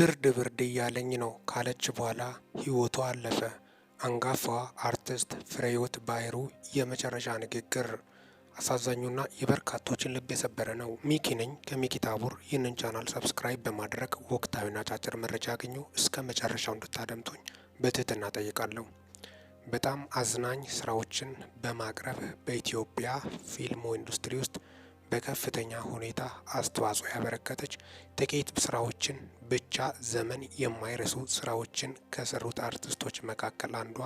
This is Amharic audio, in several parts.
ብርድ ብርድ እያለኝ ነው ካለች በኋላ ሕይወቷ አለፈ። አንጋፋዋ አርቲስት ፍሬዮት ባህሩ የመጨረሻ ንግግር አሳዛኙና የበርካቶችን ልብ የሰበረ ነው። ሚኪ ነኝ ከሚኪ ታቡር ይህንን ቻናል ሰብስክራይብ በማድረግ ወቅታዊና አጫጭር መረጃ ያገኙ። እስከ መጨረሻው እንድታደምጡኝ በትህትና ጠይቃለሁ። በጣም አዝናኝ ስራዎችን በማቅረብ በኢትዮጵያ ፊልሞ ኢንዱስትሪ ውስጥ በከፍተኛ ሁኔታ አስተዋጽኦ ያበረከተች ጥቂት ስራዎችን ብቻ ዘመን የማይረሱ ስራዎችን ከሰሩት አርቲስቶች መካከል አንዷ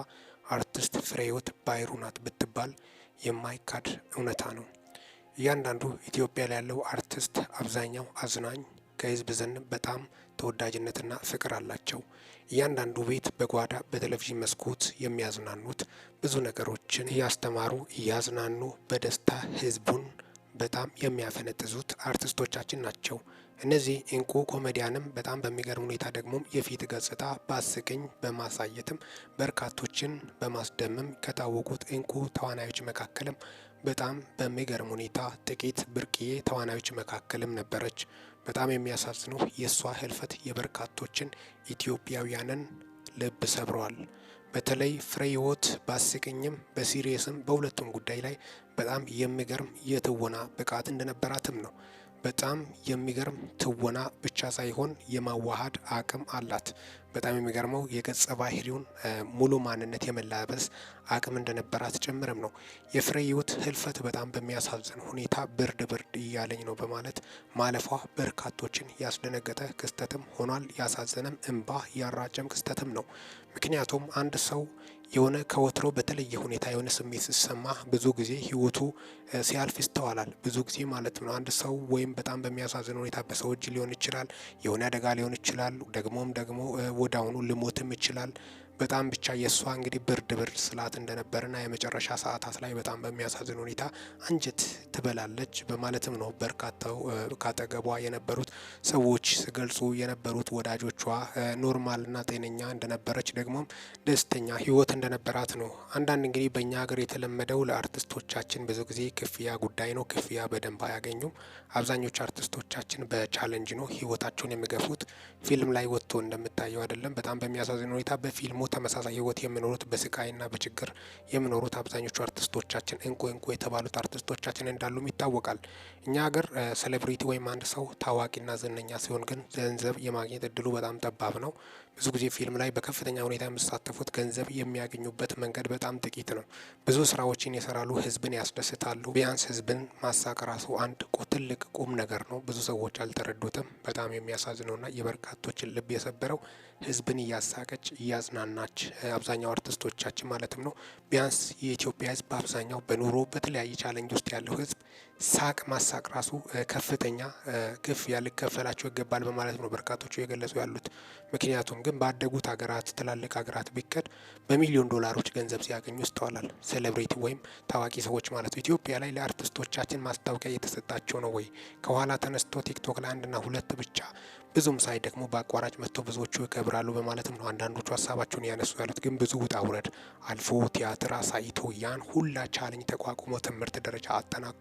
አርቲስት ፍሬህይወት ባህሩ ናት ብትባል የማይካድ እውነታ ነው። እያንዳንዱ ኢትዮጵያ ላይ ያለው አርቲስት አብዛኛው አዝናኝ፣ ከህዝብ ዘንድ በጣም ተወዳጅነትና ፍቅር አላቸው። እያንዳንዱ ቤት በጓዳ በቴሌቪዥን መስኮት የሚያዝናኑት ብዙ ነገሮችን እያስተማሩ እያዝናኑ በደስታ ህዝቡን በጣም የሚያፈነጥዙት አርቲስቶቻችን ናቸው። እነዚህ እንቁ ኮሜዲያንም በጣም በሚገርም ሁኔታ ደግሞ የፊት ገጽታ በአስቂኝ በማሳየትም በርካቶችን በማስደመም ከታወቁት እንቁ ተዋናዮች መካከልም በጣም በሚገርም ሁኔታ ጥቂት ብርቅዬ ተዋናዮች መካከልም ነበረች። በጣም የሚያሳዝነው የእሷ ህልፈት የበርካቶችን ኢትዮጵያውያንን ልብ ሰብረዋል። በተለይ ፍሬ ህይወት ባስቀኝም በሲሪየስም በሁለቱም ጉዳይ ላይ በጣም የሚገርም የትወና ብቃት እንደነበራትም ነው በጣም የሚገርም ትወና ብቻ ሳይሆን የማዋሃድ አቅም አላት። በጣም የሚገርመው የገጸ ባህሪውን ሙሉ ማንነት የመላበስ አቅም እንደነበራት ጭምርም ነው። የፍሬ ህይወት ህልፈት በጣም በሚያሳዝን ሁኔታ ብርድ ብርድ እያለኝ ነው በማለት ማለፏ በርካቶችን ያስደነገጠ ክስተትም ሆኗል። ያሳዘነም እንባ ያራጨም ክስተትም ነው። ምክንያቱም አንድ ሰው የሆነ ከወትሮ በተለየ ሁኔታ የሆነ ስሜት ሲሰማ ብዙ ጊዜ ህይወቱ ሲያልፍ ይስተዋላል። ብዙ ጊዜ ማለት ነው። አንድ ሰው ወይም በጣም በሚያሳዝን ሁኔታ በሰው እጅ ሊሆን ይችላል፣ የሆነ አደጋ ሊሆን ይችላል፣ ደግሞም ደግሞ ወዳውኑ ልሞትም ይችላል። በጣም ብቻ የእሷ እንግዲህ ብርድ ብርድ ስላት እንደነበርና የመጨረሻ ሰዓታት ላይ በጣም በሚያሳዝን ሁኔታ አንጀት ትበላለች በማለትም ነው በርካታው ካጠገቧ የነበሩት ሰዎች ሲገልጹ የነበሩት ወዳጆቿ ኖርማልና ጤነኛ እንደነበረች ደግሞም ደስተኛ ህይወት እንደነበራት ነው። አንዳንድ እንግዲህ በእኛ ሀገር የተለመደው ለአርቲስቶቻችን ብዙ ጊዜ ክፍያ ጉዳይ ነው። ክፍያ በደንብ አያገኙም። አብዛኞቹ አርቲስቶቻችን በቻለንጅ ነው ህይወታቸውን የሚገፉት። ፊልም ላይ ወጥቶ እንደምታየው አይደለም። በጣም በሚያሳዝን ሁኔታ በፊልሙ ደግሞ ተመሳሳይ ህይወት የሚኖሩት በስቃይና በችግር የሚኖሩት አብዛኞቹ አርቲስቶቻችን እንቁ እንቁ የተባሉት አርቲስቶቻችን እንዳሉም ይታወቃል። እኛ ሀገር ሴሌብሪቲ ወይም አንድ ሰው ታዋቂና ዝነኛ ሲሆን ግን ገንዘብ የማግኘት እድሉ በጣም ጠባብ ነው። ብዙ ጊዜ ፊልም ላይ በከፍተኛ ሁኔታ የሚሳተፉት ገንዘብ የሚያገኙበት መንገድ በጣም ጥቂት ነው። ብዙ ስራዎችን ይሰራሉ፣ ህዝብን ያስደስታሉ። ቢያንስ ህዝብን ማሳቅ ራሱ አንድ ትልቅ ቁም ነገር ነው። ብዙ ሰዎች አልተረዱትም። በጣም የሚያሳዝነውና የበርካቶችን ልብ የሰበረው ህዝብን እያሳቀች እያዝናና ናች አብዛኛው አርቲስቶቻችን ማለትም ነው። ቢያንስ የኢትዮጵያ ህዝብ በአብዛኛው በኑሮ በተለያየ ቻለንጅ ውስጥ ያለው ህዝብ ሳቅ ማሳቅ ራሱ ከፍተኛ ግፍ ሊከፈላቸው ይገባል በማለት ነው በርካቶቹ እየገለጹ ያሉት። ምክንያቱም ግን ባደጉት ሀገራት፣ ትላልቅ ሀገራት ቢቀድ በሚሊዮን ዶላሮች ገንዘብ ሲያገኙ ይስተዋላል። ሴሌብሬቲ ወይም ታዋቂ ሰዎች ማለት ነው። ኢትዮጵያ ላይ ለአርቲስቶቻችን ማስታወቂያ እየተሰጣቸው ነው ወይ? ከኋላ ተነስቶ ቲክቶክ ላይ አንድና ሁለት ብቻ ብዙም ሳይ ደግሞ በአቋራጭ መጥተው ብዙዎቹ ይከብራሉ በማለትም ነው አንዳንዶቹ ሀሳባቸውን እያነሱ ያሉት። ግን ብዙ ውጣ ውረድ አልፎ ቲያትር አሳይቶ ያን ሁላ ቻለኝ ተቋቁሞ ትምህርት ደረጃ አጠናቆ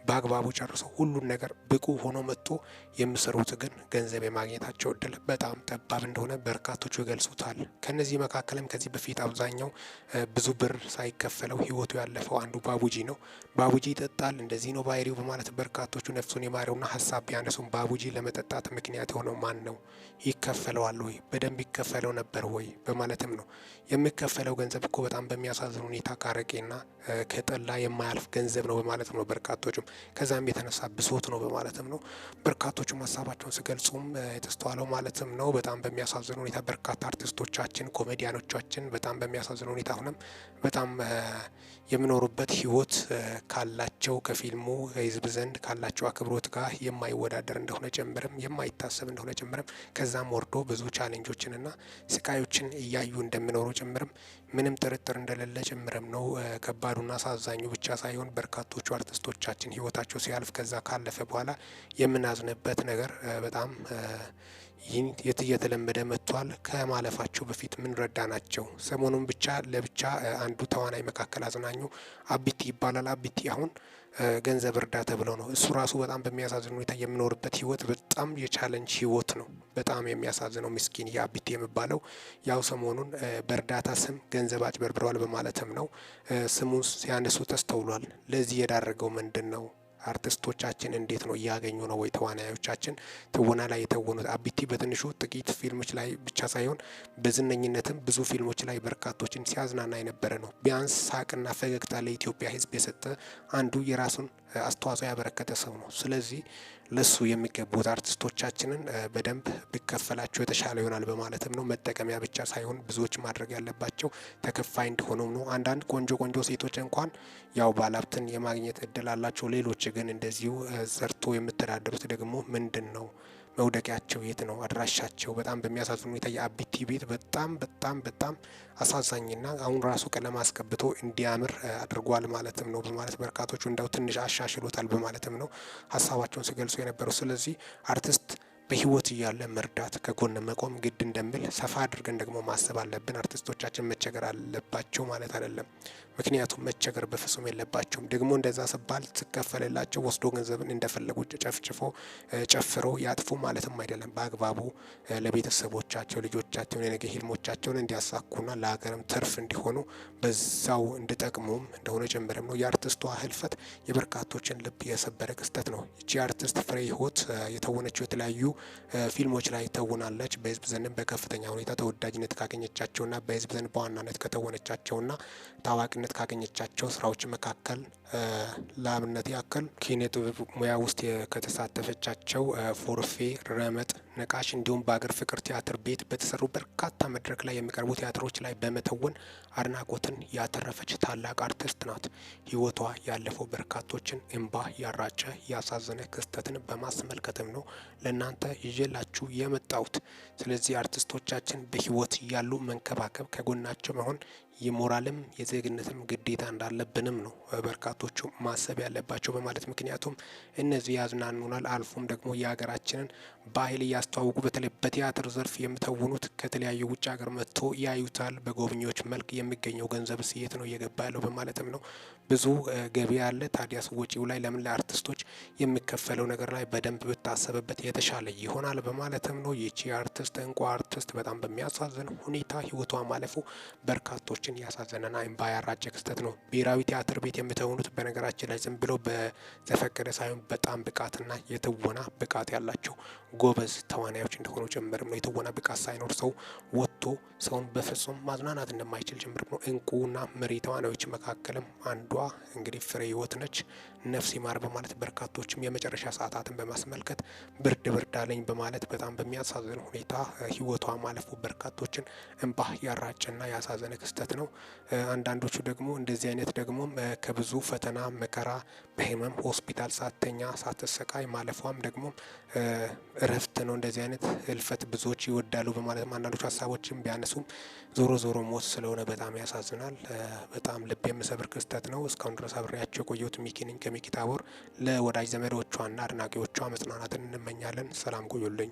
በአግባቡ ጨርሶ ሁሉን ነገር ብቁ ሆኖ መጥቶ የሚሰሩት ግን ገንዘብ የማግኘታቸው እድል በጣም ጠባብ እንደሆነ በርካቶቹ ይገልጹታል። ከነዚህ መካከልም ከዚህ በፊት አብዛኛው ብዙ ብር ሳይከፈለው ህይወቱ ያለፈው አንዱ ባቡጂ ነው። ባቡጂ ይጠጣል፣ እንደዚህ ነው ባይሪው በማለት በርካቶቹ ነፍሱን የማሪውና ሀሳብ ቢያነሱም ባቡጂ ለመጠጣት ምክንያት የሆነው ማን ነው? ይከፈለዋል ወይ? በደንብ ይከፈለው ነበር ወይ? በማለትም ነው የሚከፈለው ገንዘብ እኮ በጣም በሚያሳዝን ሁኔታ ካረቄና ከጠላ የማያልፍ ገንዘብ ነው በማለት ነው በርካቶቹም ከዛም የተነሳ ብሶት ነው በማለትም ነው በርካቶቹም ሀሳባቸውን ሲገልጹም የተስተዋለው ማለትም ነው። በጣም በሚያሳዝን ሁኔታ በርካታ አርቲስቶቻችን፣ ኮሜዲያኖቻችን በጣም በሚያሳዝን ሁኔታ አሁንም በጣም የሚኖሩበት ህይወት ካላቸው ከፊልሙ ህዝብ ዘንድ ካላቸው አክብሮት ጋር የማይወዳደር እንደሆነ ጭምርም የማይታሰብ እንደሆነ ጭምርም ከዛም ወርዶ ብዙ ቻሌንጆችንና ስቃዮችን እያዩ እንደሚኖሩ ጭምርም ምንም ጥርጥር እንደሌለ ጭምርም ነው። ከባዱና አሳዛኙ ብቻ ሳይሆን በርካቶቹ አርቲስቶቻችን ህይወታቸው ሲያልፍ ከዛ ካለፈ በኋላ የምናዝንበት ነገር በጣም እየተለመደ መጥቷል። ከማለፋቸው በፊት ምን ረዳ ናቸው። ሰሞኑን ብቻ ለብቻ አንዱ ተዋናይ መካከል አዝናኙ አቢቲ ይባላል። አቢቲ አሁን ገንዘብ እርዳ ተብለው ነው። እሱ ራሱ በጣም በሚያሳዝን ሁኔታ የሚኖርበት ህይወት በጣም የቻለንጅ ህይወት ነው። በጣም የሚያሳዝነው ምስኪን የአቢቴ የሚባለው ያው ሰሞኑን በእርዳታ ስም ገንዘብ አጭበርብረዋል በማለትም ነው ስሙን ሲያነሱ ተስተውሏል። ለዚህ የዳረገው ምንድን ነው? አርቲስቶቻችን እንዴት ነው እያገኙ ነው ወይ? ተዋናዮቻችን ትወና ላይ የተወኑት አቢቲ በትንሹ ጥቂት ፊልሞች ላይ ብቻ ሳይሆን በዝነኝነትም ብዙ ፊልሞች ላይ በርካቶችን ሲያዝናና የነበረ ነው። ቢያንስ ሳቅና ፈገግታ ለኢትዮጵያ ሕዝብ የሰጠ አንዱ የራሱን አስተዋጽኦ ያበረከተ ሰው ነው። ስለዚህ ለሱ የሚገቡት አርቲስቶቻችንን በደንብ ቢከፈላቸው የተሻለ ይሆናል በማለትም ነው። መጠቀሚያ ብቻ ሳይሆን ብዙዎች ማድረግ ያለባቸው ተከፋይ እንዲሆኑም ነው። አንዳንድ ቆንጆ ቆንጆ ሴቶች እንኳን ያው ባለሀብትን የማግኘት እድል አላቸው። ሌሎች ግን እንደዚሁ ሰርቶ የምተዳደሩት ደግሞ ምንድን ነው መውደቂያቸው የት ነው? አድራሻቸው በጣም በሚያሳዝን ሁኔታ የአቢቲ ቤት በጣም በጣም በጣም አሳዛኝና አሁን ራሱ ቀለም አስቀብቶ እንዲያምር አድርጓል ማለትም ነው በማለት በርካቶቹ እንዳው ትንሽ አሻሽሎታል በማለትም ነው ሀሳባቸውን ሲገልጹ የነበረው። ስለዚህ አርቲስት በህይወት እያለ መርዳት ከጎን መቆም ግድ እንደሚል ሰፋ አድርገን ደግሞ ማሰብ አለብን። አርቲስቶቻችን መቸገር አለባቸው ማለት አይደለም። ምክንያቱም መቸገር በፍጹም የለባቸውም። ደግሞ እንደዛ ስባል ትከፈልላቸው ወስዶ ገንዘብን እንደፈለጉ ጨፍጭፎ ጨፍሮ ያጥፉ ማለትም አይደለም። በአግባቡ ለቤተሰቦቻቸው፣ ልጆቻቸውን የነገ ህልሞቻቸውን እንዲያሳኩና ለሀገርም ትርፍ እንዲሆኑ በዛው እንድጠቅሙም እንደሆነ ጀምረም ነው። የአርቲስቷ ህልፈት የበርካቶችን ልብ የሰበረ ክስተት ነው። ይቺ አርቲስት ፍሬ ህይወት የተወነችው የተለያዩ ፊልሞች ላይ ተውናለች። በህዝብ ዘንድ በከፍተኛ ሁኔታ ተወዳጅነት ካገኘቻቸውና በህዝብ ዘንድ በዋናነት ከተወነቻቸውና ታዋቂነት ካገኘቻቸው ስራዎች መካከል ለአብነት ያክል ኪነ ጥበብ ሙያ ውስጥ ከተሳተፈቻቸው ፎርፌ፣ ረመጥ ነቃሽ እንዲሁም በአገር ፍቅር ቲያትር ቤት በተሰሩ በርካታ መድረክ ላይ የሚቀርቡ ቲያትሮች ላይ በመተወን አድናቆትን ያተረፈች ታላቅ አርቲስት ናት። ሕይወቷ ያለፈው በርካቶችን እንባ ያራጨ ያሳዘነ ክስተትን በማስመልከትም ነው ለእናንተ ይዤላችሁ የመጣሁት። ስለዚህ አርቲስቶቻችን በሕይወት ያሉ መንከባከብ፣ ከጎናቸው መሆን የሞራልም የዜግነትም ግዴታ እንዳለብንም ነው በርካቶቹ ማሰብ ያለባቸው በማለት ምክንያቱም እነዚህ ያዝናኑናል፣ አልፎም ደግሞ የሀገራችንን ባህል እያስተዋወቁ በተለይ በቲያትር ዘርፍ የምተውኑት ከተለያዩ ውጭ ሀገር መጥቶ ያዩታል። በጎብኚዎች መልክ የሚገኘው ገንዘብ ስየት ነው እየገባ ያለው በማለትም ነው ብዙ ገቢ አለ። ታዲያስ ወጪው ላይ ለምን ለአርቲስቶች የሚከፈለው ነገር ላይ በደንብ ብታሰብበት የተሻለ ይሆናል በማለትም ነው። ይቺ አርቲስት እንቁ አርቲስት በጣም በሚያሳዝን ሁኔታ ህይወቷ ማለፉ በርካቶችን ያሳዘነና እምባ ያራጨ ክስተት ነው። ብሔራዊ ቲያትር ቤት የምትሆኑት በነገራችን ላይ ዝም ብሎ በዘፈቀደ ሳይሆን በጣም ብቃትና የትወና ብቃት ያላቸው ጎበዝ ተዋናዮች እንደሆኑ ጭምርም ነው። የትወና ብቃት ሳይኖር ሰው ወጥቶ ሰውን በፍጹም ማዝናናት እንደማይችል ጭምር ነው። እንቁና መሪ ተዋናዮች መካከልም አንዷ እንግዲህ ፍሬ ህይወት ነች። ነፍስ ይማር በማለት በርካታ በርካቶችም የመጨረሻ ሰዓታትን በማስመልከት ብርድ ብርድ አለኝ በማለት በጣም በሚያሳዝን ሁኔታ ህይወቷ ማለፉ በርካቶችን እንባ ያራጭና ያሳዘነ ክስተት ነው። አንዳንዶቹ ደግሞ እንደዚህ አይነት ደግሞ ከብዙ ፈተና መከራ በህመም ሆስፒታል ሳተኛ ሳትሰቃይ ማለፏም ደግሞ እረፍት ነው። እንደዚህ አይነት ህልፈት ብዙዎች ይወዳሉ በማለት አንዳንዶቹ ሀሳቦችን ቢያነሱም ዞሮ ዞሮ ሞት ስለሆነ በጣም ያሳዝናል። በጣም ልብ የምሰብር ክስተት ነው። እስካሁን ድረስ አብሬያቸው የቆየሁት ሚኪ ነኝ ከሚኪ ታቦር ለወዳ ለወዳጅ ዘመዶቿና አድናቂዎቿ መጽናናትን እንመኛለን። ሰላም ቆዩልኝ።